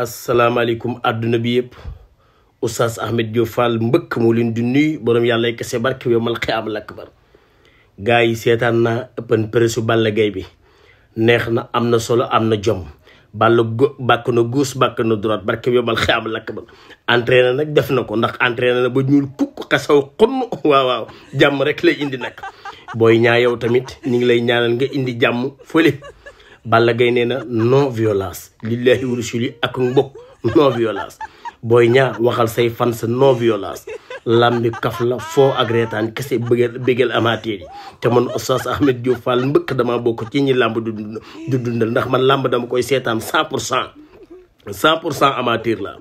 asalaamaaleykum àdduna bi yëpp oustaz Ahmed Diop Fall mbëkk moo leen di nuyu borom yàlla yi kese barke bi mal xiyaam al akbar gaa yi seetaan na ëppan presu Balla Gaye bi neex na am na solo am na jom Balla go bàkk na gauche bàkk na droite barke bi mal xiyaam al akbar entraîné nag def na ko ndax entre na ba ñuul kukk xasaw xonn waaw waaw jàmm rek lay indi nag booy ñaa yow tamit ñu ngi lay ñaanal nga indi jàmm fële Balla Gaye nee na non violence lillahi wa ak mbokk non violence Boy Niang waxal say fans non violence lambi kaf la foo ak reetaan kese bëggeel bëggeel amateur te man Oustaz Ahmed Diop Fall mbëkk dama bokk ci ñi làmb du dundal ndax man lamb dama koy seetaan cent pour cent cent pour cent amateur la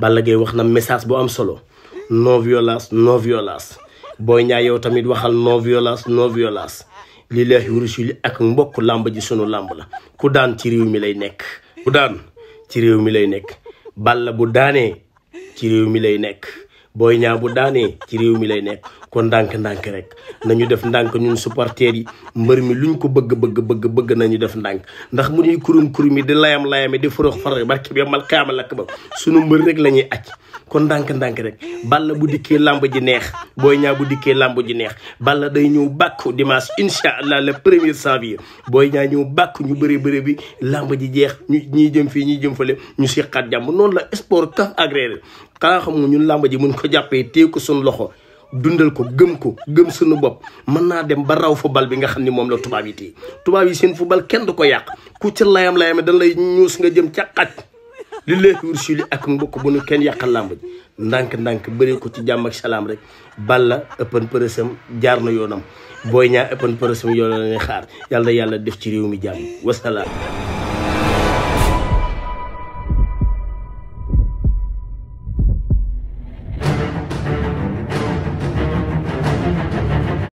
Balla Gaye wax na message bu am solo non violence non violence Boy Niang yow tamit waxal non violence non violence lillahi wa rasuli ak mbokk làmb ji sunu làmb la ku daan ci réew mi lay nekk ku daan ci mi lay nekk Balla bu daanee ci réew mi lay nekk booy Niang bu daanee ci réew mi lay nekk kon ndànk-ndànk rek nañu def ndànk ñun supporters yi mbër mi luñ ko bëgg bëgg bëgg bëgg nañu def ndànk ndax mu ñuy kurum kurum yi di layam layami di forox forox barki bi mal kaama lakk ba sunu mbër rek lañuy ñuy kon ndànk-ndànk rek Balla bu dikkee làmb ji neex booy Niang bu dikkee làmb ji neex Balla day ñëw bàkku dimanche incha allah le premier janvier Boy ñaa ñëw bàkku ñu bëri bëri bi làmb ji jeex ñu ñiy jëm fii ñiy jëm fële ñu seqaat jàmm noonu la sport taf agréé xanaa xam nga ñun làmb ji mun ko jàppee téye ko suñu loxo dundal ko gëm ko gëm suñu bopp mën naa dem ba raw football bi nga xam ni moom la tubaab yi téye tubaab yi seen football kenn du ko yàq ku ci layam-layame dañ lay ñuus nga jëm ca xaj li léegi ursuli ak mbokk bu nu kenn yàqal làmb ji ndànk-ndànk bëri ko ci jàmm salaam rek Balla ëppan përësam jaar na yoonam booy Niang ëppan përësam yoonam ne xaar yàlla yàlla def ci réew mi jàmm wasalaam